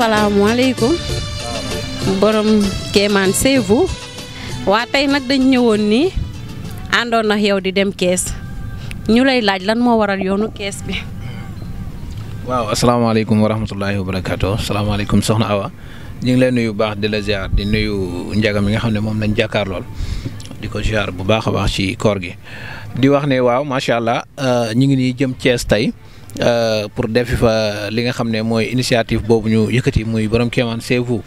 Assalamualaikum, borom keman c'est vous wa tay nak dañ ñëwoon ni andon na yow di dem caisse ñu lay laaj lan mo waral yoonu caisse bi. waaw assalamualaikum wa rahmatullahi wa barakaatu soxna Awa ñu ngi lay nuyu baax di la ziar di nuyu njagam mi nga xamne mom lañ jakar lool diko ziar bu baax baax ci koor gi di wax ne waaw machallah euh, ngi jëm caisse tay Euh, pour defi fa li nga xam ne mooy initiative boobu ñu yëkkati muy borom Kéemaan c'est vous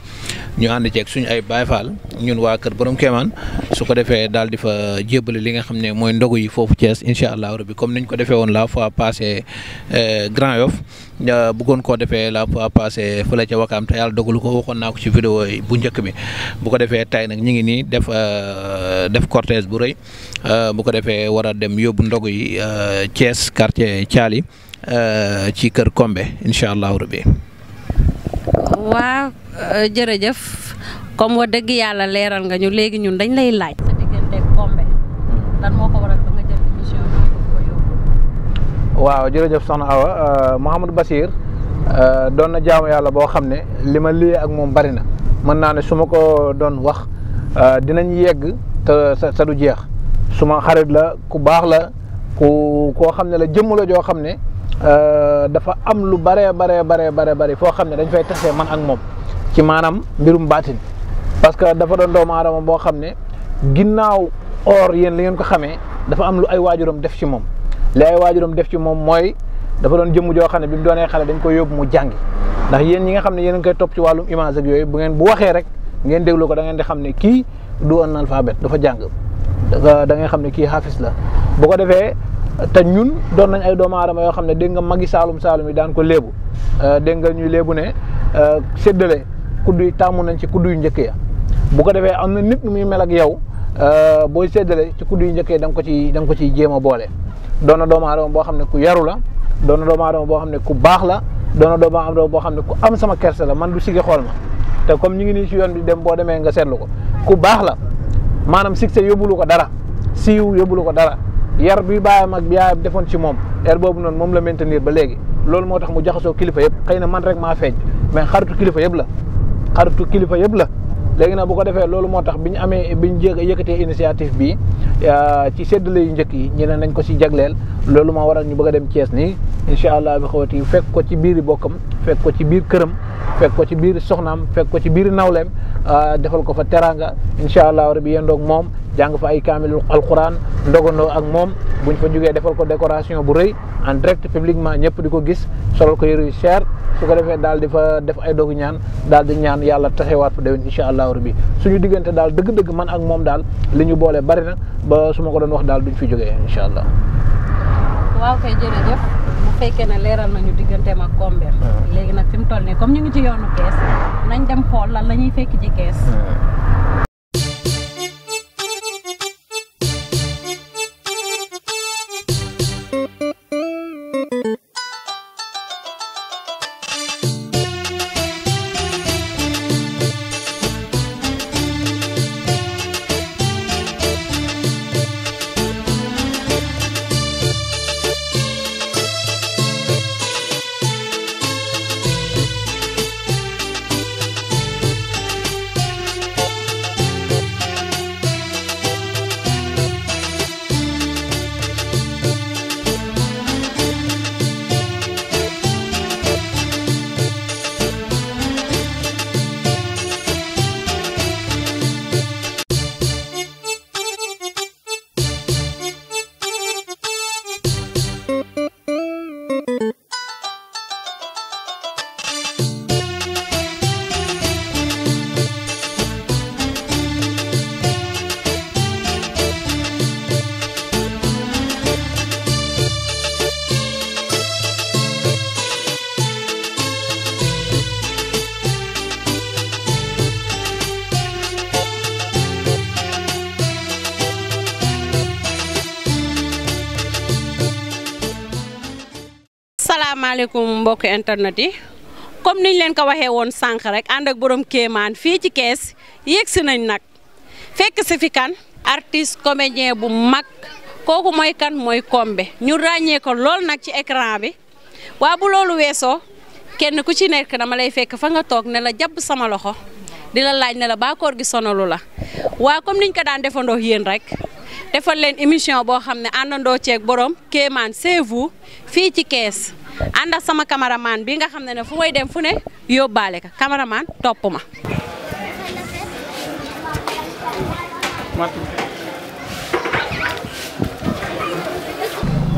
ñu ànd ceeg suñu ay Baay Faal ñun waa kër borom Kéemaan su ko defee daal di fa jébbale li nga xam ne mooy ndogu yi foofu Thiès incha allah rabbi comme niñ ko defee woon la fois paase euh, Grand Yoff Euh, bëggoon ko defee la fois passée fële ca wakaam te yàlla lu ko waxoon naa ko ci vidéo yi bu njëkk bi bu ko defee tey nag ñu ngi nii def euh, def cortège bu rëy euh, bu ko defee war a dem yóbbu ndog yi Thiès quartier Thiali ci kër Kombe incha allahu rabbi waaw jërëjëf comme wa dëgg yàlla leeral nga ñu léegi ñun dañ lay laaj. waaw jërëjëf soxna Awa euh, Mouhamadou Bassir euh, doon na jaamu yàlla boo xam ne li ma liyee ak moom bari na mën naa ne su ko doon wax euh, dinañ yegg te sa du jeex suma ma xarit la ku baax la ku koo xam ne la jëmm la joo xam ne dafa am lu baree baree baree bare bari foo xam ne dañ fay tasee man ak moom ci maanaam mbirum baatin parce que dafa doon doomu aadama boo xam ne ginnaaw or yéen li ngeen ko xamee dafa am lu ay waajuram def ci moom li ay waajuram def ci moom mooy dafa doon jëmm joo xam ne bi mu doonee xale dañ koy yóbbu mu jàngi ndax yéen ñi nga xam ne yéen a ngi topp ci wàllum image ak yooyu bu ngeen bu waxee rek ngeen déglu ko da di xam ne kii du analphabète dafa jàng da ngay xam ne kii xaafis la bu ko defee te ñun doon nañ ay doomu aadama yoo xam ne dégg nga magi saalum saalum yi daan ko léebu euh, dégg nga ñuy léebu ne euh, séddale kudd yi tàmm nañ ci kudd yu njëkk ya bu ko defee am na nit nu muy melak ak yow Euh, booy séddale ci kudd yu njëkkee da nga ko ci da ko ciy jéem a boole doon na doomu aadama boo xam ne ku yaru la doon na doomu aadama boo xam ne ku baax la doon na boo xam ne ku am sama kersa la man du siggi xool ma te comme ñu ngi nii si yoon bi dem boo demee nga seetlu ko ku baax la maanaam succès yóbbulu ko dara siiw yóbbulu ko dara yar bi baayam ak yaayam defoon si moom yar boobu noonu moom la maintenir ba léegi loolu moo tax mu jaxasoo kilifa yëpp xëy na man rek maa feeñ mais xaritu kilifa yëpp la xaritu kilifa yëpp la léegi nag bu ko defee loolu moo tax bi ñu amee bi ñu yëkkatee initiative bi euh, ci séddale yu njëkk yi ñu ne nañ ko si jagleel loolu moo waral ñu bëgg a dem cees ni incha allah bi xawati fekk ko ci biir bokkam fekk ko ci biir këram fekk ko ci biir soxnaam fekk ko ci biir nawleem Ah, defal ko fa teranga incha allah rabi yendoog moom jàng fa ay kaamil alquran ndogandoo ak moom buñ fa jógee defal ko décoration bu rëy en direct publiquement ñëpp di ko gis solal ko yëre yu cher su ko defee daal di fa def ay dogu ñaan daal di ñaan yàlla taxewaat fa déwén incha allah rabi suñu diggante daal dëgg-dëgg man ak moom daal li ñu boole bari na ba su ma ko doon wax daal duñ fi jógee incha allah waaw kay jërëjëf bu fekkee ne leeral nañu digganteem ak Combeen ah. léegi nag fi mu toll nii comme ñu ngi ci yoonu kees nañ dem xool lan la ñuy fekk ci kees ah. mbokk internet yi comme niñ leen ko waxee woon sànq rek ànd ak borom kéemaan fii ci kees yéeg si nañ nag fekk si fi kan artiste comédien bu mag kooku mooy kan mooy Combé ñu ràññee lool nag ci écran bi waa bu loolu weesoo kenn ku ci nekk na ma lay fekk fa nga toog ne la jàpp sama loxo di la laaj ne la baa koor gi sonalu la waa comme niñ ko daan defandoo yéen rek defal leen émission boo xam ne àndandoo ceeg borom kéemaan c'est fii ci kees. Anda sama kameraman, bi nga xamne ne fu may dem fu ne yobale ka kameraman topuma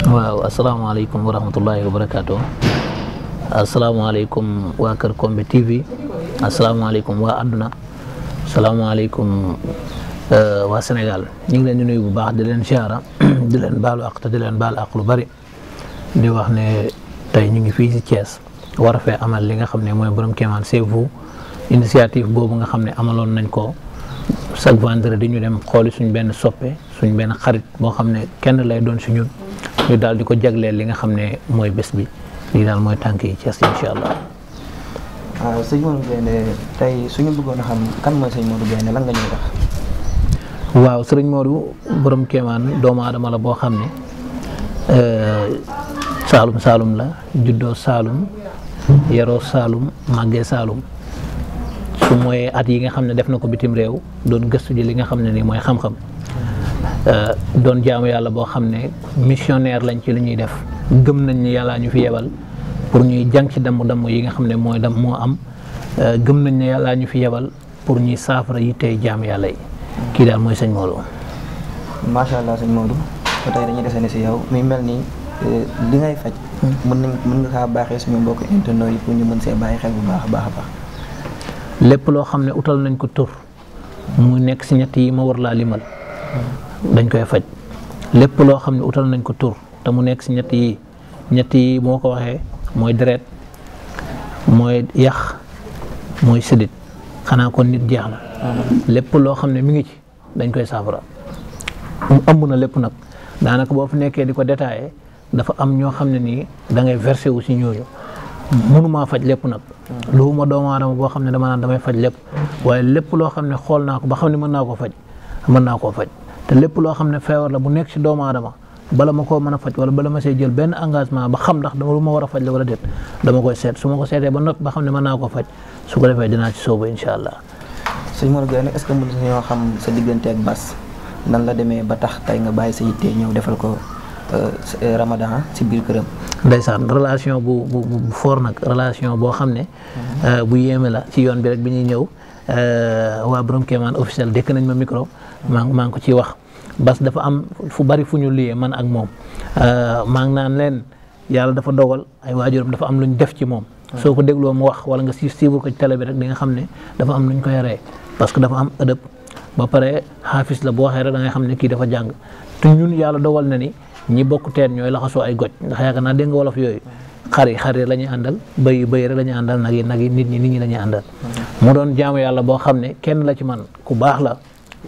waaw assalamu alaykum wa rahmatullahi wa assalamu alaykum wa kar Kombe TV asalaamaaleykum waa àdduna asalaamaaleykum euh, wa Senegal. ñu ngi leen di nuyu bu baax di leen siyaara di leen baalu àq di leen bal àq lu bari di wax ne. tey ñu ngi fii ci Thiès war a fee amal li nga xam ne mooy borom kéemaan c'est vous initiative boobu nga xam ne amaloon nañ ko chaque vendredi ñu dem xooli suñ benn soppe suñ benn xarit boo xam ne kenn lay doon si ñun ñu daal di ko jagleel li nga xam ne mooy bés bi lii daal mooy tànk yi Thiès incha allah. waaw ah, sëñ Modou Bène suñu bëggoon a mooy sëñ Modou Bène lan nga borom kéemaan doomu adama la boo xam ne euh, Salum salum la juddo salum yero salum magge salum su moy at yi nga xamne def nako bitim rew don geustu ji li nga xamne ni moy xam euh, xam euh don jaamu yalla bo xamne missionnaire lañ ci li ñuy def gem nañ ni yalla ñu fi yebal pour ñuy jang ci dam dam yi nga xamne moy dam mo am euh, gem nañ ni yalla ñu fi yebal pour ñuy saafara yi tey jaamu yàlla yi kii daal mooy sëñ Modou. macha allah sëñ Modou ba tey dañuy desandi ci yow mi melni Eh, li ngay faj. mën na mën nga kaa baaxee suñu mbokk internet yi pour ñu mën see bàyyi xel bu baax a baax a baax. lépp loo xam ne utal nañ ko tur mu nekk si ñett ma war laa limal dañ koy faj lépp loo xam ne utal nañ ko tur te mu nekk si ñett yi ñett yi moo ko waxee mooy deret mooy yax mooy sidit xanaa kon nit jeex na. lépp loo xam ne mu ngi ci dañ koy saafara mu ëmb na lépp nag daanaka boo fi nekkee di ko détaillé. dafa am ñoo xam ne nii dangay ngay versé wu si ñooñu mënumaa faj lépp nag mm. lu ma doomu aadama boo xam ne dama naan damay faj lépp waaye lépp loo xam ne xool naa ko ba xam ne mën naa koo faj mën naa koo faj te lépp loo xam ne feebar bu nekk si doomu aadama bala ma koo mën a faj wala bala ma see jël benn engagement ba xam ndax dama lu ma war a faj la wala déet dama koy seet su ma ko seetee ba noppi ba xam ne mën naa koo faj su ko defee dinaa ci soobu incha allah. sëñ Modou Gueye nag est-ce que mën ñoo xam sa diggante ak Bass nan la demee ba tax tey nga bàyyi sa yitte ñëw defal ko Eh, eh, Ramadan ci bir kërëm ndaysan relation bu bu bu nak relation bo xamné mhm. euh bu yéme la ci yoon bi rek biñu ñëw euh wa borom Kéemaan officiel dék nañ ma micro. mang mang ko ci wax bas dafa am fu bari fu ñu man ak moom euh mang naan leen yalla dafa dogal ay wajurum dafa am lu def ci moom. soko ko mu wax wala nga si bu ko ci télé bi rek nga xamné dafa am lu kaya ko yaré parce que dafa am ëdëb ba paré hafiz la bo waxee rek da nga xamné ki dafa jang te ñun yalla dogal na ni ñi bokk teen la xasso ay goj ndax yaaka na deng wolof yoy xari xari la andal àndal bëy bëy rek la ñuy àndal nag yi nag yi nit ñi nit ñi la andal mu doon jaamu yalla bo xamne kenn la ci man ku bax la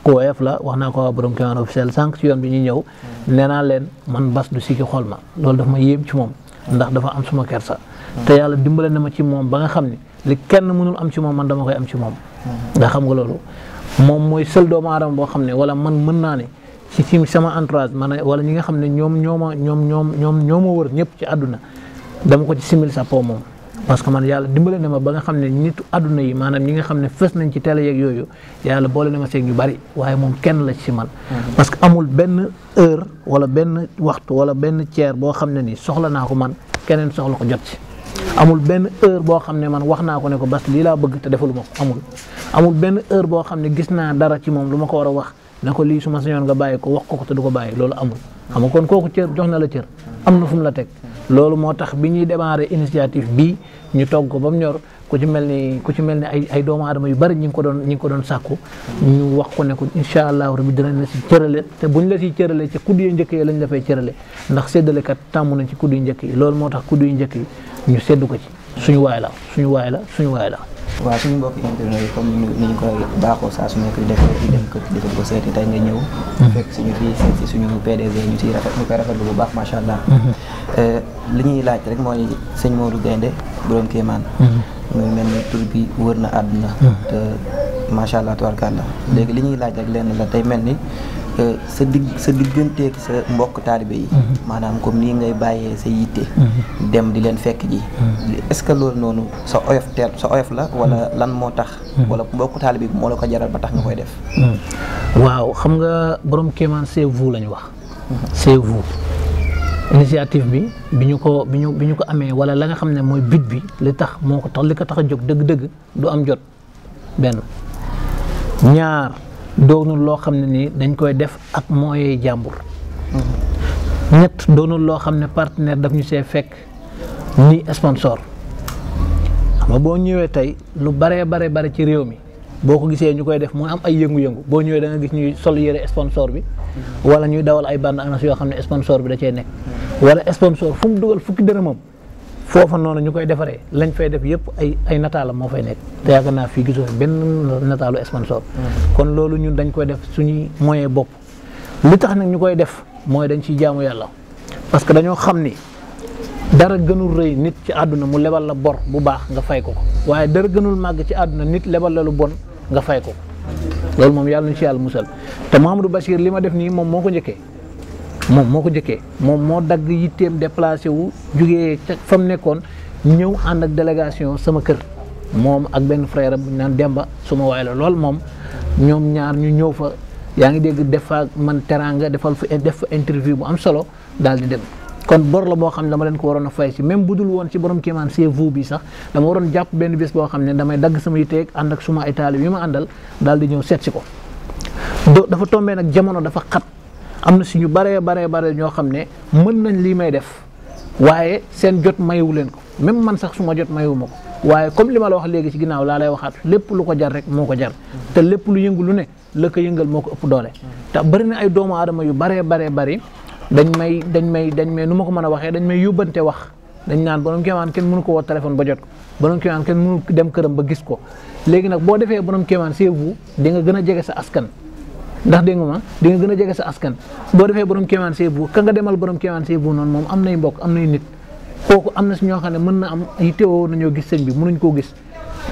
ku woyof la waxna ko waa borom kiwaan officiel sank ci yoon bi ñi ñew neena len man bas du sikki xol ma ma ci mom ndax dafa am suma kersa te yalla dimbalé na ma ci mom ba nga xamne li kenn mënul am ci mom man dama koy am ci mom da xam nga loolu mom moy seul doomu aadama boo wala man mën na ne ci ci sama entourage man wala ñi nga xamne ñom ñoom ñom ñom ñom ñoom ñooma wër ñëpp ci aduna dama ko ci simil sa po mom parce que man yalla dimbalé na ma ba nga xamne nitu aduna yi manam ñi nga xamne fess nañ ci télé yak yoyu yalla boole na ma seeg ñu bari waye mom kenn la ci man mm-hmm. parce que amul ben heure wala ben waxtu wala ben tier bo xamne ni soxla na ko man keneen soxla ko jot ci amul ben heure bo xamne man waxna ko ne ko bas li la bëgg te defaluma ko amul amul ben heure bo xamne gis na dara ci mom luma ko wara wax na ko lii su ma sañoon nga bàyyi ko wax ko ko te du ko bàyyi loolu amul xam nga kon kooku cër jox na la cër am na fu mu la teg loolu moo tax bi ñuy démarré initiative bi ñu togg ko ba mu ñor ku ci mel ni ku ci mel ni ay ay doomu aadama yu bari ñu ngi ko doon ñi ngi ko doon sàkku ñu wax ko ne ko incha allahu rabbi dinañ la si cërale te buñ la si cërale ci kudd yu njëkk yi lañ la ndax cërale ndax séddalekat tàmm nañ ci kudd yu njëkk yi loolu moo tax kudd yu njëkk yi ñu sédd ko ci suñu waay la suñu waay la suñu waay la waaw suñu mbokk internet yi comme ni ñu koy baaxoo saa su nekk di def di dem ko seeti tey nga ñëw. Mhm. fekk suñu fii seet si suñu PDG ñu ciy rafet ñu koy rafetlu bu baax macha allah. Mhm. Eh, li ñuy laaj rek mooy sëñ Modou Gaynde borom Kéemaan. Mhm. muy mel ni tur bi wër na àdduna. te macha allah tubarkalla léegi li ñuy laaj rek lenn la tey mel ni. sa digg sa digganteeg sa mbokk taalibe yi mhm. maanaam comme nii ngay bàyyee sa yitte mhm. dem di leen fekk ji mhm. est-ce que loolu noonu sa oyof teel sa oyof la wala lan moo tax wala mbokk taalibe bi moo la ko jaral ba tax nga koy def waaw xam nga borom kéemaan c'est vous lañu wax c'est vous bi bi ñu ko bi ñu bi ko amee wala la nga xam ne mooy bit bi li tax moo ko tax li ko tax a jóg dëgg-dëgg du am jot benn ñaar doonul loo xam ne nii dañ koy def ak moyens jàmbur. ñett doonul loo xam ne partenaire daf ñu see fekk ni sponsor xam nga boo ñëwee tey lu baree bare bare ci réew mi boo ko gisee ñu koy def mooy am ay yëngu-yëngu boo ñëwee da nga gis ñuy sol yére sponsor bi wala ñuy dawal ay bande annonce yoo xam ne sponsor bi da cee nekk wala sponsor fu mu dugal fukki dërëmam foofa noonu ñu koy defaree lañ fay def yëpp ay ay nataalam moo fay nekk te yaakaar naa fii gisoo benn nataalu sponsor mm. kon loolu ñun dañ koy def suñuy moyen bopp li tax nag ñu koy def mooy dañ ciy jaamu yàlla parce que dañoo xam ni dara gënul rëy nit ci àdduna mu lebal la bor bu baax nga fay ko ko waaye dara gënul màgg ci àdduna nit lebal la lu bon nga fay ko loolu moom yàlla ñu ci yàlla musal te Mouhamadou Bachir li ma def nii moom moo ko njëkkee mom moko jëkke mom mo dag yittem déplacer wu jugé fam nekkon ñew and ak délégation sama kër mom ak ben frère bu ñaan demba suma way la lol mom ñom ñaar ñu ñew fa yaangi dégg def ak man teranga defal fu def interview bu am solo dal di dem kon bor la bo xamne dama len ko warona fay si même budul won ci borom kiman c'est vous bi sax dama waron japp ben bes bo xamne damay dag sama ak and ak suma ay yi ma andal di ñew seet ci ko dafa tombee nak jamono dafa xat am na si ñu baree baree bare ñoo xam ne mën nañ lii may def waaye seen jot mayu leen ko même man sax su ma jot mayu ko waaye comme li ma la wax léegi si ginnaaw laa lay waxaat lépp lu ko jar rek moo ko jar te lépp lu yëngu lu ne la ko yëngal moo ko ëpp doole te bëri na ay doomu aadama yu baree baree bari dañ may dañ may dañ may nu ma ko mën a waxee dañ may yóbbante wax dañ naan borom kéemaan kenn mënu ko woo téléphone ba jot ko borom kéemaan kenn mënu dem këram ba gis ko léegi nag boo defee borom kéemaan c'est vous di nga gën a jege sa askan ndax dégg nga ma di nga gën a jege sa askan boo defee borom kéemaan see bu ka nga demal borom kéemaan see bu noonu moom am nay mbokk am nay nit kooku am na si ñoo xam ne mën na am yittewoo nañoo gis sëñ bi mënuñ koo gis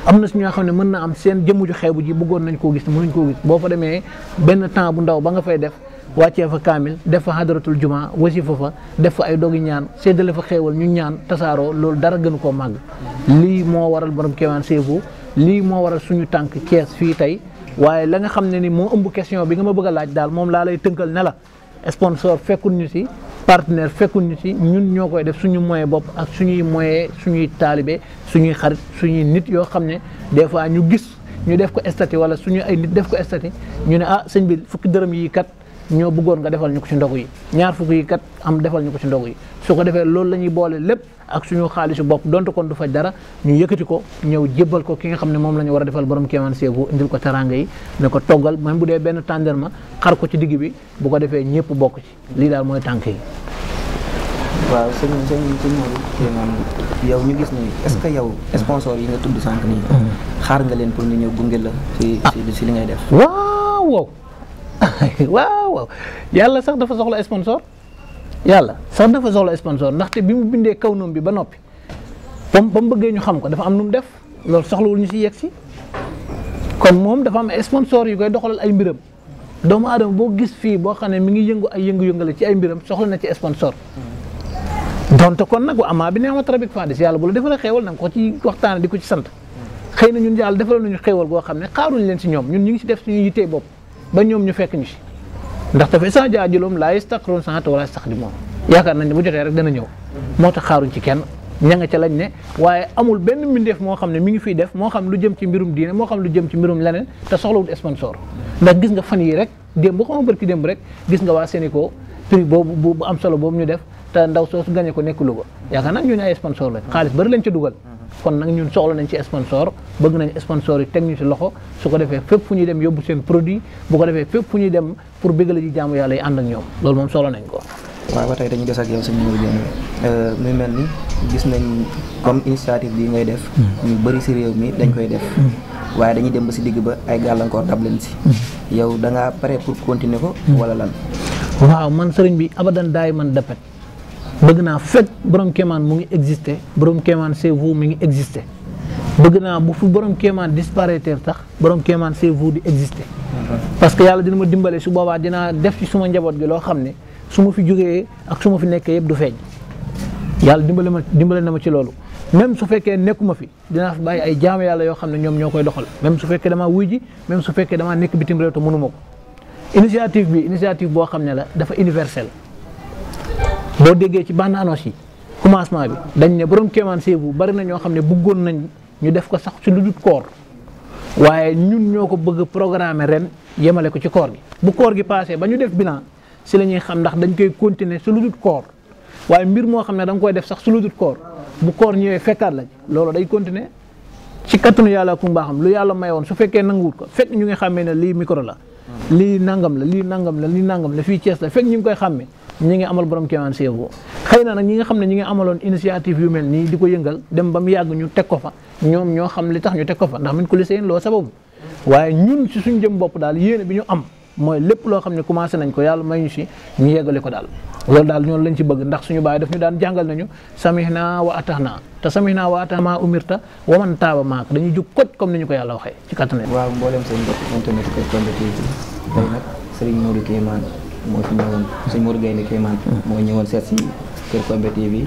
am na si ñoo xam ne mën na am seen jëmm ju xeebu ji bëggoon nañ koo gis mënuñ ko gis boo fa demee benn temps bu ndaw ba nga fay def wàccee fa kaamil def fa hadratul juma wasifa fa def fa ay dogi ñaan séddale fa xeewal ñu ñaan tasaaroo loolu dara gënu koo màgg lii moo waral borom kéemaan see lii moo waral suñu tànk Cees fii tey waaye la nga xam ne ni moo ëmb question bi nga ma bëgg laaj daal moom laa lay tënkal ne la sponsor fekkul ñu si partenaire fekkul ñu si ñun ñoo koy def suñu moyen bopp ak suñuy moyen suñuy taalibe suñuy xarit suñuy nit yoo xam ne des fois ñu gis ñu def ko estati wala suñu ay nit def ko estati ñu ne ah sëñ bi fukki dërëm yii kat. ño bëggoon nga defal ñuko ci ndogu yi ñaar fukk yi kat am defal ñuko ci ndogu yi su ko defee loolu la ñuy boole lépp ak suñu xaalisu bopp donte kon du faj dara ñu yëkkati ko ñëw jébbal ko ki nga xam ne moom la ñu war a defal borom kéemaan seegu indil ko teranga yi ne ko toggal même bu dee benn tàndarma xar ko ci digg bi bu ko defee ñëpp bokk ci lii daal mooy tànk yi waaw sëñ sëñ sëñ Modou yow ñu gis ni est ce que yow sponsor yi nga tudd sànq nii mm-hmm. xaar nga leen pour ñu ñëw gunge la ci ah. ci li ngay def waaw waaw waaw yàlla sax dafa soxla sponsor yàlla sax dafa soxla sponsor ndaxte bi mu bindee kaw noom bi ba noppi bam ba mu bëggee ñu xam ko dafa am nu mu def loolu soxlawul ñu si yegg si kon moom dafa am sponsor yu koy doxalal ay mbiram doomu aadama boo gis fii boo xam ne mi ngi yëngu ay yëngu-yëngale ci ay mbiram soxla na ci sponsor donte kon nag wa amaa bi neexmat rabik fadis yàlla bu la defalee xéewal na nga ko ci waxtaane di ko ci sant xëy na ñun yàlla defaloon nañu xéewal goo xam ne xaaruñ leen si ñoom ñun ñu ngi si def suñu yittee bopp ba ñoom ñu fekk ñu si ndax dafa saa jaajëloom laa yastaqroon saxante wala yastaqdimoon yaakaar nañ ne bu jotee rek dana ñëw moo tax xaaruñ ci kenn ña nga lañ ne waaye amul benn mbindeef moo xam ne mi ngi fiy def moo xam lu jëm ci mbirum diine moo xam lu jëm ci mbirum leneen te soxlawul sponsor ndax gis nga fan yi rek démb xaw ma barki démb rek gis nga waa ko prix boobu bu am solo boobu ñu def te ndaw soosu gagné ko nekk Louga yaakaar naa ñu ne ay sponsor lañ xaalis bari lañ ca dugal kon nak ñun soxla nañ ci sponsor bëgg nañ sponsor yi tek ñu ci loxo su ko defee fépp fu ñuy dem yóbbu seen produit bu ko defee fépp fu ñuy dem pour béggale ji jaamu yàlla yi ànd ak ñoom loolu moom soxla nañ ko waaw ba tey dañu des ak yow suñu ñëw jëm euh, muy mel ni gis nañ comme initiative bi ngay def hmm. ñu bëri si réew mi dañ koy def hmm. waaye dañuy dem ba si digg ba ay gàllankoor dab leen si hmm. yow da nga pare pour continuer ko wala lan waaw man sëriñ bi abadan daay man dapet bëgg naa fekk borom kéemaan mu ngi existé borom kéemaan c'est vous mi ngi existé bëgg naa bu fi borom kéemaan disparaître tax borom kéemaan c'est vous di existé. parce que yàlla dina ma dimbale su boobaa dinaa def ci suma njaboot gi loo xam ne su ma fi jógee ak su ma fi nekkee yëpp du feeñ yàlla dimbale ma dimbale na ma ci loolu. même su fekkee nekkuma fi dinaa fi bàyyi ay jaam yàlla yoo xam ne ñoom ñoo koy doxal même su fekkee damaa wuy ji même su fekkee damaa nekk bitim réew te mënuma ko initiative bi initiative boo xam ne la dafa universelle. boo déggee ci bande annonce yi commencement bi dañ ne borom kéemaan seebu bari na ñoo xam ne bëggoon nañ ñu def ko sax ci lu koor waaye ñun ñoo ko bëgg programme ren yemale ko ci koor gi. bu koor gi passé ba ñu def bilan si la ñuy xam ndax dañ koy continuer su lu koor waaye mbir moo xam ne da koy def sax su lu dul koor bu koor ñëwee fekkaat la loolu day continuer ci kattanu yàlla ak mbaaxam lu yàlla mayoon su fekkee nanguwut ko fekk ñu ngi xàmmee ne lii micro la. lii nangam la lii nangam la lii nangam la fii Thiès la fekk ñu ngi koy xàmmee. ñi ngi amal borom kéemaan si yow xëy na ñi nga xamne ñi ngi amalon initiative yu melni diko di yëngal dem bam yag ñu tek ko fa ñom ño xam li tax ñu tek ko fa ndax min ko li lo sababu waye ñun ci suñu jëm bop dal yéene bi ñu am moy lepp lo xamne commencé nañ ko yalla may ñu si ñu yegalé ko dal lool dal ñoo lañ ci bëgg ndax suñu baay daf ñu daan jangal nañu samihna wa atahna ta samihna wa atama umirta wa man taaba ma dañu juk koj comme ni ko yalla waxe ci katane waaw mboolem seen bopp ko kër kon day nak Serigne Modou Kémane moo fi ñëwoon sëñ Modou Gaynde Kéemaan moo ñëwoon seet si kër Kombé TV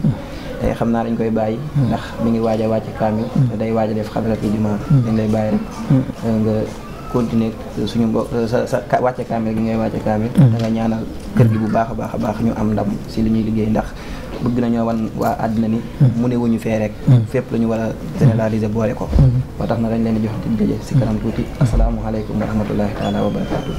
xam naa dañ koy bàyyi ndax mi ngi waaj a wàcc kaamil day waaja a def xadarat ijma dañ lay bàyyi rek nga continuer suñu mbokk sa sa wàcce kaamil gi ngay wàcce kaamil mm. da nga ñaanal kër gi bu baax a baax a baax ñu am ndam si li ñuy liggéey ndax bëgg nañoo wan waa àddina ni mu ne wuñu fee rek fépp la ñu war a généraliser boole ko ba na dañ leen jox di daje si kanam tuuti asalaamu aleykum wa rahmatullahi taala wa barakaatu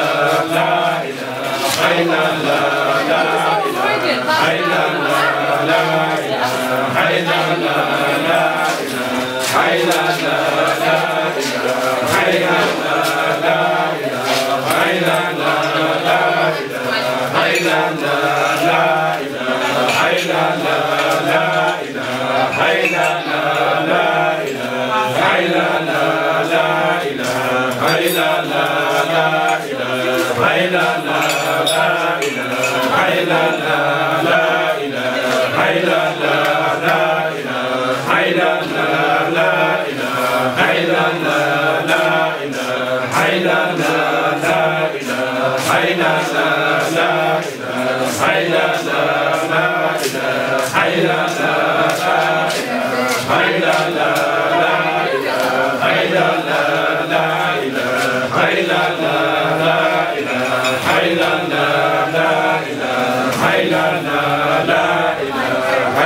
Hey, la, la. Yeah.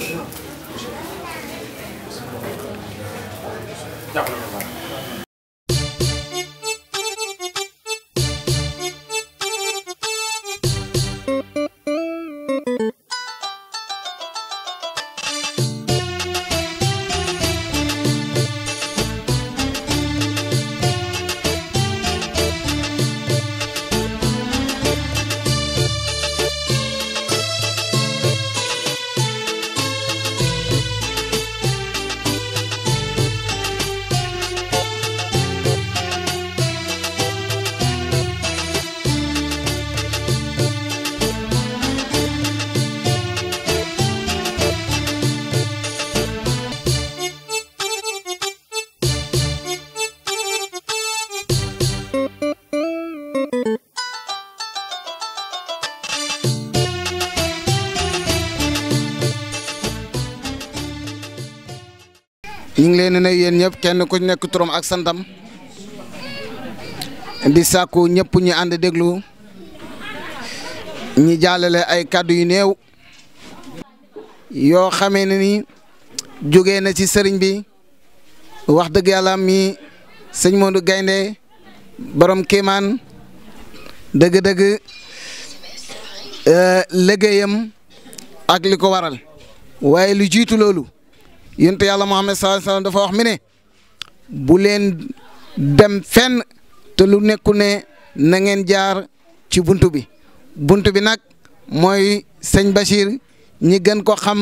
Yeah. leen di yéen ñëpp kenn ko nekk turam ak santam di sàkku ñëpp ñu ànd déglu ñu jàllale ay kàddu yu néew yoo xamee ne ni jógee na ci sëriñ bi wax dëgg yàlla mi sëñ Modou Gaynde borom Kéemaan dëgg-dëgg euh, liggéeyam ak li ko waral waaye lu jiitu loolu. yent yalla Muhammad sallallahu alaihi wasallam dafa wax mine ne bu len dem fen te lu nekkune na ngeen jaar ci buntu bi buntu bi nak moy seigne bashir ñi gën ko xam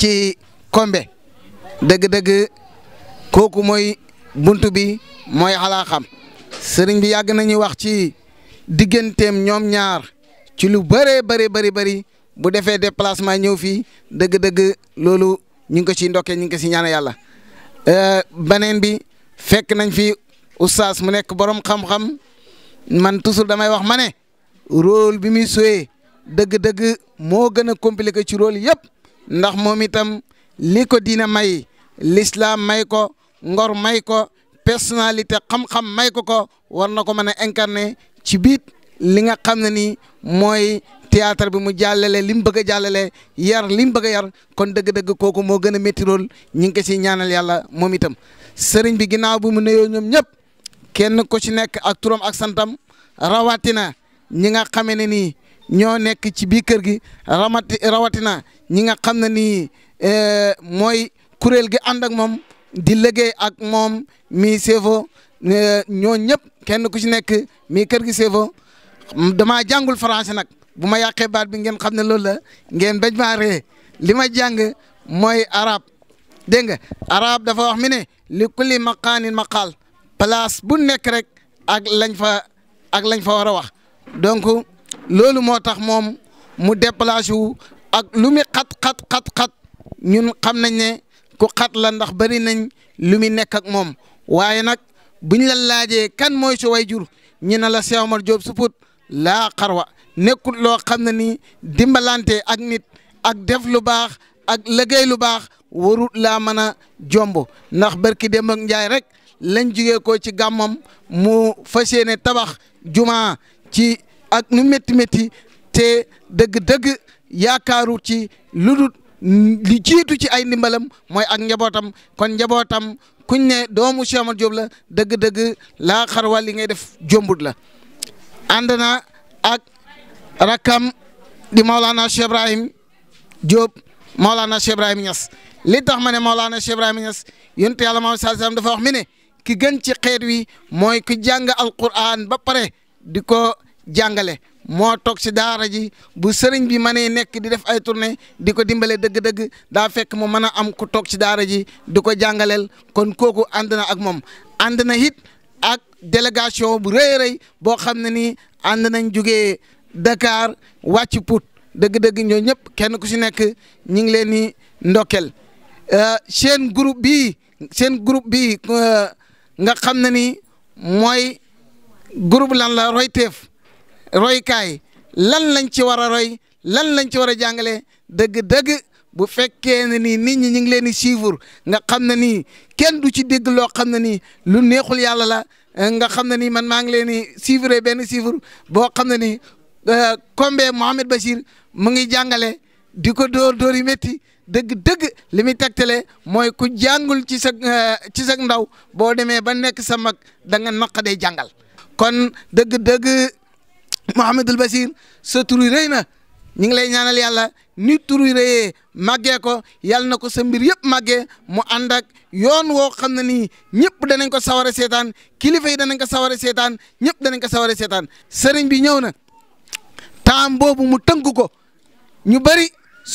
ci combé deug deug koku moy buntu bi moy ala xam sëriñ bi yag nañu wax ci digganteem ñom ñaar ci lu bare, bare bare bare bu defé déplacement ñew fi deug deug lolu ñu ngi ko ciy ndokkee ñu ngi ko ci ñaan yàlla euh, beneen bi fekk nañ fi oustaz mu nekk borom xam-xam man toujours damay wax ma ne rôle bi muy suyee dëgg-dëgg moo gën a compliqué ci rôle yëpp ndax moom itam li ko diina may l'islam may ko ngor may ko personnalité xam-xam may ko ko war na ko mën a incarner ci biit li nga xam ne nii mooy théâtre bi mu jàllale li mu bëgg a yar li mu bëgg a yar kon dëgg-dëgg kooku moo gën a métti lool ñu ngi ko siy ñaanal yàlla moom itam sëriñ bi ginnaaw bi mu na ñoom ñëpp kenn ku ci nekk ak turam ak santam rawatina ñi nga xamee ne nii ñoo nekk ci biir kër gi ramati rawatina ñi nga xam ne nii eh, mooy kuréel gi ànd ak moom di liggéey ak moom mi Cheffo eh, ñoo ñëpp kenn ku ci nekk mi kër gi Cheffo damaa jàngul français nag. bu ma yàqee baat bi ngeen xam ne loolu la ngeen bañ maa li ma jàng mooy arab dégg nga arab dafa wax mi ne li kulli maqaanin maqaal place bu nekk rek ak lañ fa ak lañ fa war a wax donc loolu moo tax moom mu déplacé wu ak lu mi xat xat ñun xam nañ ne ku xat la ndax bëri nañ lu mi nekk ak moom waaye nag buñ la laajee kan mooy su way jur ñu ne la Cheikh Omar Diop Soput laa xarwa nekkul loo xam na ni dimbalante ak nit ak def lu baax ak liggéey lu baax warut laa mën a jomb ndax barki dem ak njaay rek lañ jugee ko ci gàmmam mu fas yéene tabax jumaa ci ak nu métti metti te dëgg-dëgg yaakaaru ci lu dul li jiitu ci ay ndimbalam mooy ak njabootam kon njabootam kuñ ne doomu Cheikh Omar Diop la dëgg-dëgg laa xarwal li ngay def jombut la ànd na ak rakkam di Maulana Cheikh Ibrahim Diop Maulana Cheikh Ibrahim li tax ma ne Maulana Cheikh Ibrahim Niass yonent yàlla moom sallallahu mi ne ki gën ci xeet wi mooy ku jàng alquran ba pare di ko jàngale moo toog daara ji bu sëriñ bi mënee nekk di def ay tournée di ko dimbale dëgg-dëgg daa fekk mu mën a am ku toog si daara ji di ko jàngaleel kon kooku ànd na ak moom ànd na it ak délégation bu rëy rëy boo xam ne nii ànd nañ jugee. Dakar wàcc Pout dëgg-dëgg ñoo ñëpp kenn ku si nekk ñu ngi leen di ndokkel euh, seen groupe bii seen groupe bii euh, nga xam ne ni moy groupe lan la royteef roykaay lan lañ ci war a roy lan lañ ci war a jàngale dëgg-dëgg bu fekkee ne ni nit ñi ñu ngi leen di suivre nga xam ne ni kenn du ci dégg loo xam ne nii lu neexul yàlla la nga xam ne ni man maa ngi leen di suivre benn suivre boo xam ne ni Kombe euh, Mohamed Bachir mu ngi jàngale di ko dóor dóor yi metti dëgg-dëgg li muy tegtale mooy ku jàngul ci sa euh, ci sa ndaw boo demee ba nekk sa mag da nga naqadee jàngal kon dëgg-dëgg Mohamedul Bachir sa tur yi rey na ñu ngi lay ñaanal yàlla ni tur yi rëyee màggee ko yàlla na ko sa mbir yëpp màggee mu ànd ak yoon woo xam ne nii ñëpp danañ ko sawar a seetaan kilifa yi danañ ko sawar a seetaan ñëpp danañ ko sawar seetaan sëriñ bi ñëw na. taam boobu mu tënk ko ñu bëri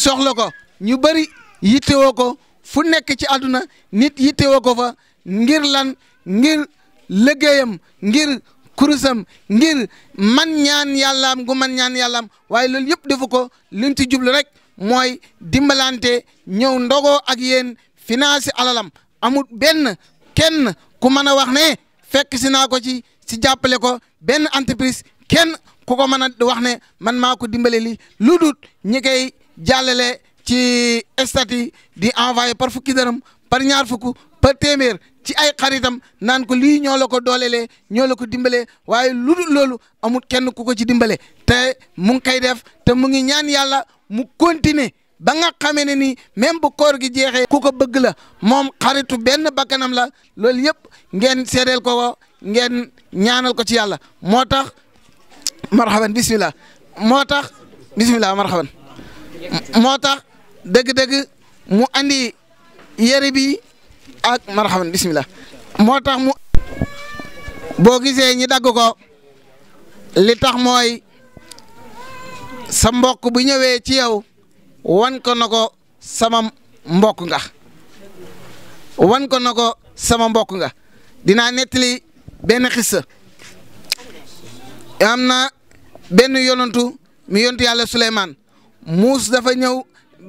soxla ko ñu bëri yittewoo ko fu nekk ci àdduna nit yittewoo ko fa ngir lan ngir liggéeyam ngir kurusam ngir man ñaan yàllaam gu man ñaan yàllaam waaye loolu yëpp defu ko liñ ci jublu rek mooy dimbalante ñëw ndogoo ak finance financé alalam amul benn kenn ku mën a wax ne fekk si naa ko ci ci jàppale ko benn entreprise kenn ku ko mën a wax ne man maa ko dimbale li lu dul ñi koy jàllale ci statut di envoyé par fukki dërëm par ñaar fukk par téeméer ci ay xaritam naan ko lii ñoo la ko doolelee ñoo la ko dimbalee waaye lu dul loolu amul kenn ku ko ci dimbale te mu ngi koy def te mu ngi ñaan yàlla mu continuer ba nga xamee ne ni même bu koor gi jeexee ku ko bëgg la moom xaritu benn bakkanam la loolu yëpp ngeen seedeel ko ko ngeen ñaanal ko ci yàlla moo tax marhaban bismillah moo tax bismillah marhaban moo tax dëgg-dëgg mu andi yëre bi ak marhaban bismillah moo tax mu boo gisee ñi dagg ko li tax mooy sa mbokk bu ñëwee ci yow wan ko na ko sama mbokk nga wan ko na ko sama mbokk nga dinaa nettali benn xissa am na benn yonantu mi yontu yàlla Souleymane muus dafa ñëw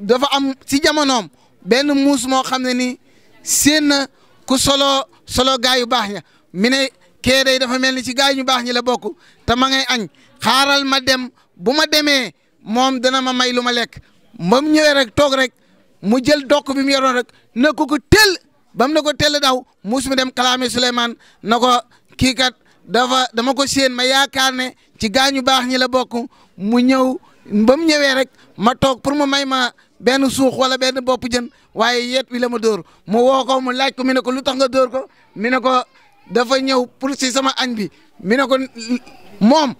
dafa am si jamonoom benn muus moo xam ne ni séen na ku solo solo gaa yu baax ña mi ne kee day dafa mel ni si gaa yu baax ñi la bokk te ma ngay añ xaaral ma dem bu ma demee moom dana ma may lu ma lekk ba ñëwee rek toog rek mu jël dokk bi mu yoroon rek na ko ko teel ba mu ne ko teel daw muus mi dem kalaame Souleymane na ko kii dafa dama ko séen ma yaakaar ne. ci gaañu baax ñi la bokk mu ñëw ba mu ñëwee rek ma toog pour mu may ma benn suux wala benn boppu jën waaye yet wi la ma dóor mu woo ko mu laaj ko mi ne ko lu tax nga dóor ko mi ne ko dafa ñëw pour si sama añ bi mi ne ko moom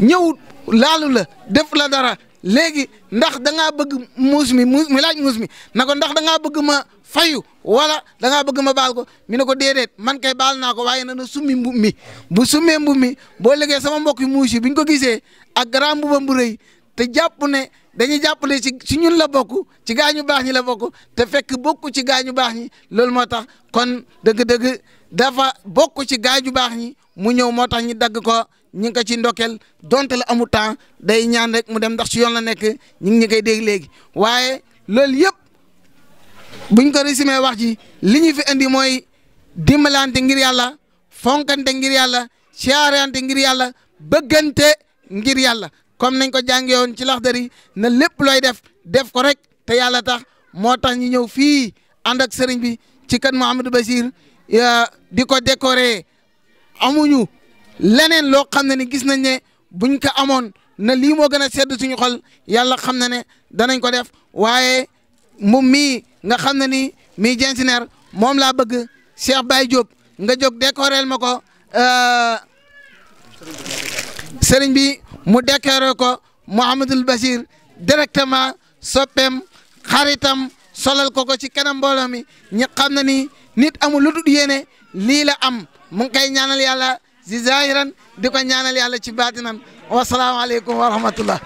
ñëw laalu la def la dara léegi ndax da ngaa bëgg muus mi mu laaj muus mi na ko ndax da bëgg ma fayu wala da bëgg ma baal ko mi ne ko déedéet man kay baal naa ko waaye na na summi mbub mi bu summee mbub mi boo légee sama mbokk muus yi bi ñu ko gisee ak grand mbubam bu rëy te jàpp ne dañuy jàppale ci ci ñun la bokk ci gaañu baax ñi la bokk te fekk bokk ci gaañu baax ñi loolu moo tax kon dëgg-dëgg dafa bokk ci gaañu baax ñi mu ñëw moo tax ñi dagg ko ñu ngi ko ci ndokel donte la amu temps day ñaan rek mu dem ndax ci yoon la nekk ñu ngi ñu koy dégg léegi waaye loolu yëpp buñ ko résumé wax ji li ñu fi indi mooy dimbalante ngir yàlla fonkante ngir yàlla siyaarante ngir yàlla bëggante ngir yàlla comme nañ ko jàngee woon ci Laxdari na lépp looy def def ko rek te yàlla tax moo tax ñu ñëw fii ànd ak sëriñ bi ci kan Mouhamadou Bachir euh, di ko décorer amuñu. leneen loo xam ne ni gis nañ ne buñ ko amoon na lii moo gën a sedd suñu xol yàlla xam na ne danañ ko def waaye moom mii nga xam ne ni mii Jensineer moom laa bëgg Cheikh Baye Diop nga jóg décoreel ma ko euh, sëriñ bi mu décoré ko Mouhamadul Bachir directement soppeem xaritam solal ko ko ci kanam mbooloo mi ñi xam na ni nit amul lu dul yéene lii la am mu ngi koy ñaanal yàlla. si zahiran di ko ñaanal yàlla ci baatinan wasalaamaaleykum wa rahmatullah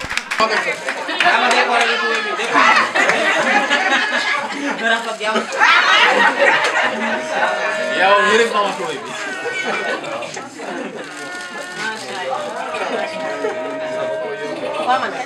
Vamos.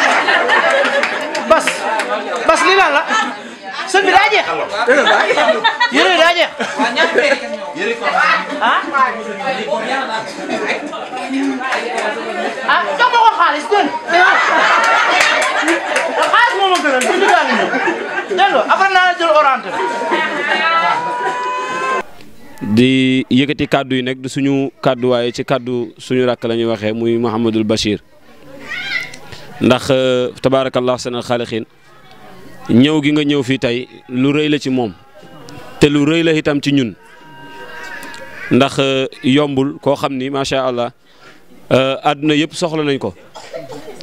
Bas. Bas lila lah. Sun bila aja. Yuri bila aja. Hah? Ah, coba kok kalis tuh. Lekas mau makanan, itu kan. Dan lo, apa nanya jual orang tuh? di yëkëti kaddu yi nak du suñu kaddu waye ci kaddu suñu rak lañuy waxé muy ndax euh, tabaarakallahu seenal xaalixiin ñëw gi nga ñëw fii tey lu rëy la ci moom te lu rëy la itam ci ñun ndax euh, yombul koo xam ni macha allah euh, àdduna yëpp soxla nañ ko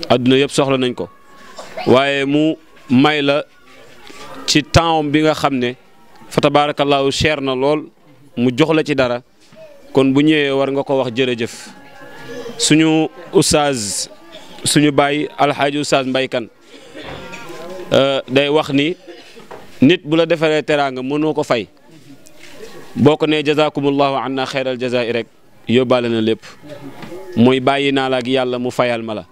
àdduna yëpp soxla nañ ko waaye mu may la ci temps bi nga xam ne fa tabaarakallahu cher na lool mu jox la ci dara kon bu ñëwee war nga ko wax jërëjëf suñu oustaz suñu baay alxaaji Oustaz Mbaye Kane euh, day wax ni nit bu la defaree teraanga mënoo ko fay boo ko nee jazaakumullahu anna xeeral jazaai rek yóbbaale na lépp mooy bàyyi naa la ak yàlla mu fayal ma la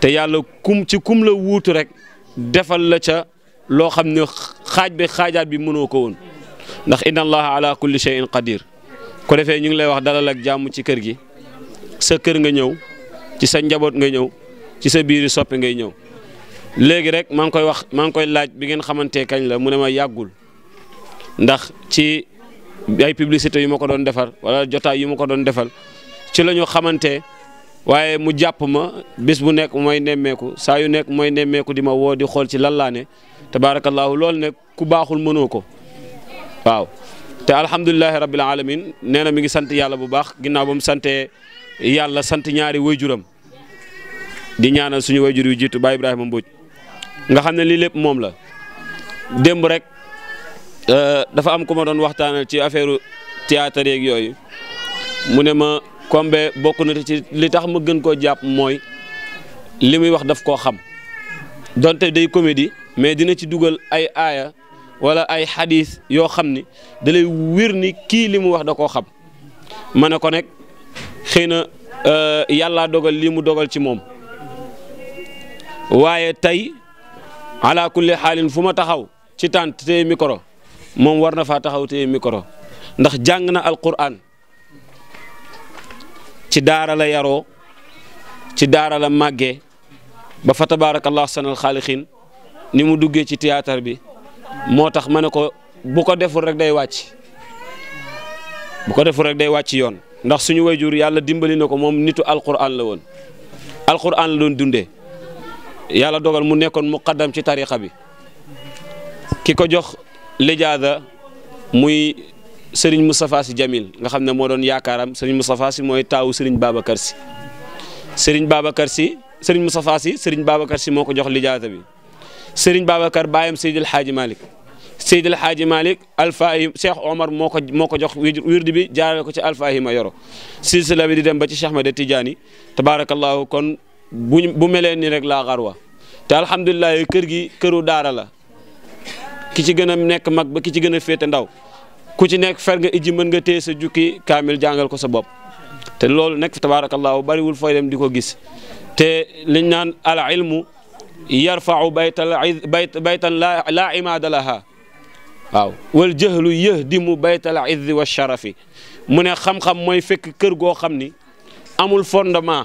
te yàlla kum ci kum la wuut rek defal la ca loo xam ne xaaj bi xaajaat bi mënoo ko woon ndax inna allaha ala kulli shay'in qadir ko defe ñu ngi lay wax dalal ak jàmm ci kër gi sa kër nga ñëw ci sa njaboot nga ñëw ci sa biir soppe ngay ñëw léegi rek maa ngi koy wax maa ngi koy laaj bi ngeen xamante kañ la mu ne ma yàggul ndax ci ay publicité yu ma ko doon defar wala jotaay yu ma ko doon defal ci la ñu xamante waaye mu jàpp ma bis bu nekk mooy nemmeeku saa yu nekk mooy nemmeeku di ma woo di xool ci lan laa ne tabaarakallaahu loolu ne ku baaxul mënoo ko waaw te alhamdulilahi rabbil alamin nee na mi ngi sant yàlla bu baax ginnaaw ba mu sante yàlla sant ñaari waajuram di ñaanal suñu wayjur wi jiitu Baye Ibrahima Mbodj nga xam ne lii lépp moom la démb rek euh, dafa am ku ma doon waxtaanal ci affaire théâtre yeeg yooyu mu ne ma Combé bokk na ci li tax ma gën koo jàpp mooy li muy wax daf koo xam donte day comédie mais dina ci dugal ay aaya wala ay xadiis yoo xam ni dalay lay wér ni kii li mu wax da koo xam ma ne ko nag xëy na euh, yàllaa dogal li mu dogal ci moom. waaye tey ala kulli xaalin fu ma taxaw ci tànt téye micro moom war na faa taxaw téye mikoro ndax jàng na alquran ci daara la yaroo ci daara la màggee ba fa tabaarakallah sanal xaaliqin ni mu duggee ci théâtre bi moo tax ma ne ko bu ko deful rek day wàcc ko deful rek day wàcc yoon ndax suñu jur yàlla dimbali na ko moom nitu alquran la woon alquran la doon dundee yàlla dogal mu nekkoon muqaddam ci tariqa bi ki jox lijaada muy Serigne Moustapha Sy Jamil nga xam ne moo doon yaakaaram Serigne Moustapha Sy mooy taawu Serigne Babacar Sy Serigne Babacar Sy Serigne Moustapha Sy Serigne Babacar Sy moo ko jox lijaada bi Serigne Babacar baayam Seydil Hadji Malick Seydil Hadji Malick Alfahim Cheikh Omar moo ko moo ko jox wirdi bi jaarale ko ci Alfahima yoro silsila bi di dem ba ci Cheikh Ahmed Tidiane tabaarakallaahu kon bu bu melee rek la xarwa te alhamdulilah kër gi këru daara la ki ci gëna nek mag ba ki ci gëna fété ndaw ku ci nek fer nga ijji mën nga téye sa jukki kamil jàngal ko sa bop te nek tabarakallah bari wul foy dem diko gis te liñ nan al ilmu yarfau baytal baytan la laa imaada laha waaw wal jëhlu yëhdimu baytal izzi wa sharafi mune xam-xam moy fekk keur go xamni amul fondement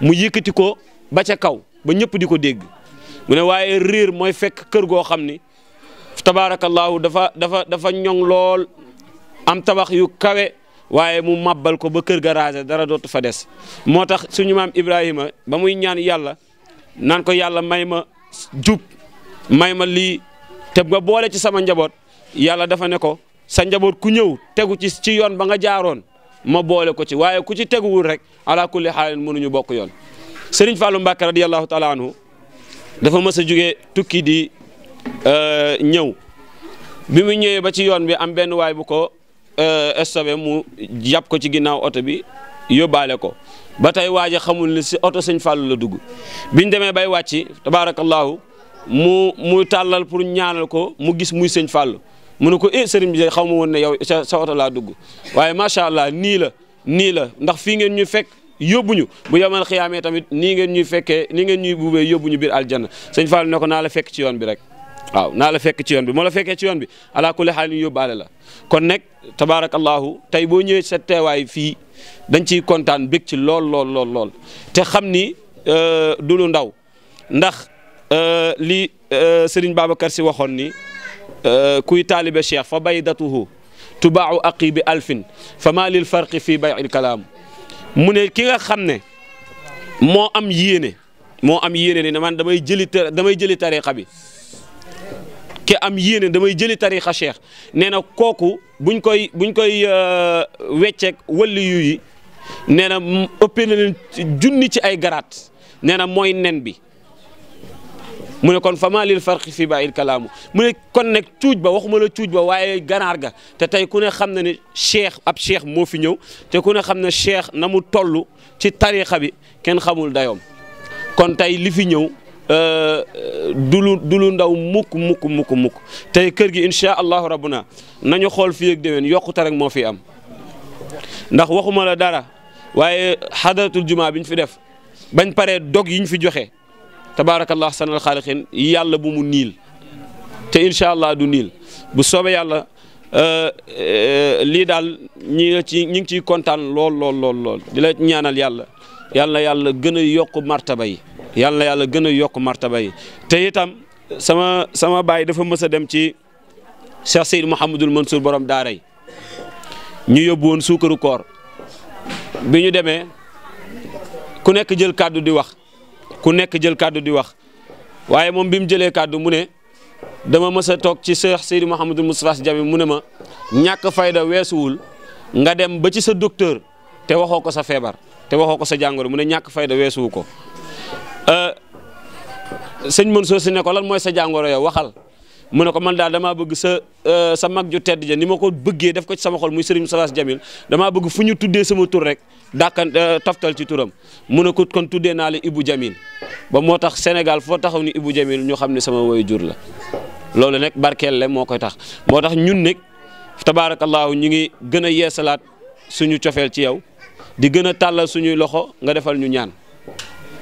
mu yëkkati ko ba ca kaw ba ñëpp di ko dégg mu ne waaye riir mooy fekk kër goo xam ni tabaarakallaahu dafa dafa dafa ñoŋ lool am tabax yu kawe waaye mu màbbal ko ba kër ga raase dara dootu fa des moo tax suñu maam Ibrahima ba muy ñaan yàlla nan ko yàlla may ma jub may ma lii te nga boole ci sama njaboot yàlla dafa ne ko sa njaboot ku ñëw tegu ci ci yoon ba nga jaaroon ma boole ko ci waaye ku ci teguwul rek ala kulli xaalin mënuñu bokk yoon Serigne Fallou Mbacke radiyallahu taala anhu dafa mës a jugee tukki di euh, ñëw bi mu ñëwee ba ci yoon bi am benn waay bu ko e stoppé mu jàpp ko ci ginnaaw oto bi yóbbaale ko ba tey waaj xamul ni si oto Sëñ Fallou la dugg biñ demee bay wàcc tabaarakallaahu mu muy tàllal pour ñaanal ko mu gis muy Sëñ Fallou mu ne ko eh bi xaw ma woon ne yow sa sa laa dugg waaye macha allah nii la nii la ndax fii ngeen ñu fekk yóbbuñu bu yamal xiyaamee tamit nii ngeen ñuy fekkee nii ngeen ñuy buubee ñu biir aljanna sëñ Fall ne ko naa la fekk ci yoon bi rek waaw naa la fekk ci yoon bi moo la fekkee yoon bi ala kulli xaal ñu yóbbaale la kon nag tabaarakallaahu tey boo ñëwee sa teewaay fii dañ ciy kontaan bég ci lool lool lool lool te xam ni euh, dulu ndaw ndax euh, li euh, Serigne Babacar Sy waxoon ni آه، كوي طالب الشيخ فبيدته تباع اقي ب 1000 فما للفرق في بيع الكلام من كيغا خامني مو ام يينه مو ام يينه ني مان داماي جيلي داماي جيلي طريقه بي كي ام يينه داماي جيلي طريقه شيخ نينا كوكو بون كوي بون كوي آه، ويتشك ولي يوي نينا اوبين جوني سي اي غرات نينا موي نين بي mu ne kon fama lil farq fi bàyyil kalam mu ne kon nek tuuj ba waxuma la tuuj ba waye ganar ga te tay ku ne xamna ni cheikh ab cheikh mo fi ñëw te ku ne xamna cheikh na mu toll ci tariixa bi ken xamul dayom kon tay li fi ñëw du dulu du ndaw mukk mukk mukk mukk tey kër gi incha allahu rabbuna nañu xool fii ak déwén yokkute rek moo fi am ndax waxuma la dara waaye xadaratul jumaa bi fi def bañ paree dog yi fi joxe. tabaarakallah sanal xaaliqin yàlla bu mu niil te incha allah du niil bu soobee yàlla euh, euh, lii daal ñi ngi ci ñi ngi ciy kontaan lool lool lool di la ñaanal yàlla yàlla na yàlla gën a yokk martaba yi yàlla yàlla gën a yokk martaba yi te itam sama sama baay dafa mës a dem ci Cheikh Seyd Mouhamadul Mansour borom daaray yi ñu yóbbu woon suukaru koor bi ñu demee ku nekk jël kàddu di wax ku nekk jël kàddu di wax waaye moom bi mu jëlee kàddu mu ne dama mës a toog ci Cheikh Seydi Mouhamadou Moustapha mu ne ma ñàkk fayda weesuwul nga dem ba ci sa docteur te waxoo ko sa feebar te waxoo ko sa jàngoro mu ne ñàkk fayda weesuwu ko euh, sëñ Mansour Sy ne ko lan mooy sa jàngoro yow waxal mu ne ko man daal damaa bëgg sa euh, sa mag ju tedd ja ni ma ko bëggee def ko ci sama xol muy Serigne Salas Jamil damaa bëgg fu ñu tuddee sama tur rek dàkkan euh, toftal ci turam mu ne ko kon tuddee naa la Ibou Jamil ba moo tax Sénégal foo taxaw ni Ibou Jamil ñu xam ne sama woy jur la loolu nag barkeel le moo koy tax moo tax ñun nag tabaarakallaahu ñu ngi gën a yeesalaat suñu cofeel ci yow di gën a tàllal suñuy loxo nga defal ñu ñaan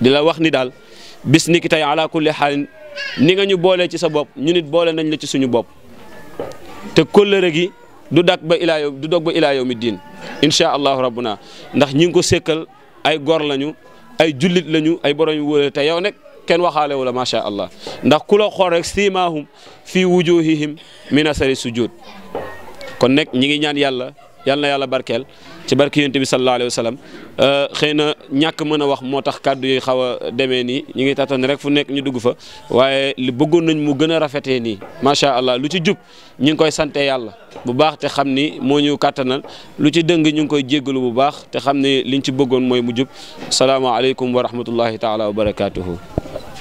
di la wax ni daal bis ni nga ñu boolee ci sa bopp ñu nit boole nañ la ci suñu bopp te kóllëre gi du dak ba ilaa yow dog ba ilaa yow mi diin incha allahu rabbuna ndax ñi ngi ko sekkal ay gor lañu ay jullit lañu ay borom yu wóole te yow nag kenn waxaale wu la macha allah ndax ku la xool rek siimaahum fii wujuhihim min asari sujud kon nag ñi ngi ñaan yàlla yàlla na yàlla barkeel ci barke yonent bi sallallahu alayhi wa sallam euh, xëy na ñàkk mën a wax moo tax kàddu yi xaw a demee nii ñu ngi tàttani rek fu nekk ñu dugg fa waaye li bëggoon nañ mu gën a rafetee nii macha allah lu ci jub ñu ngi koy sante yàlla bu baax te xam ni moo ñu kàttanal lu ci dëng ñu ngi koy jéggalu bu baax te xam ni ñu ci bëggoon mooy mu jub salaamaaleykum wa rahmatullahi taala wa barakaatuhu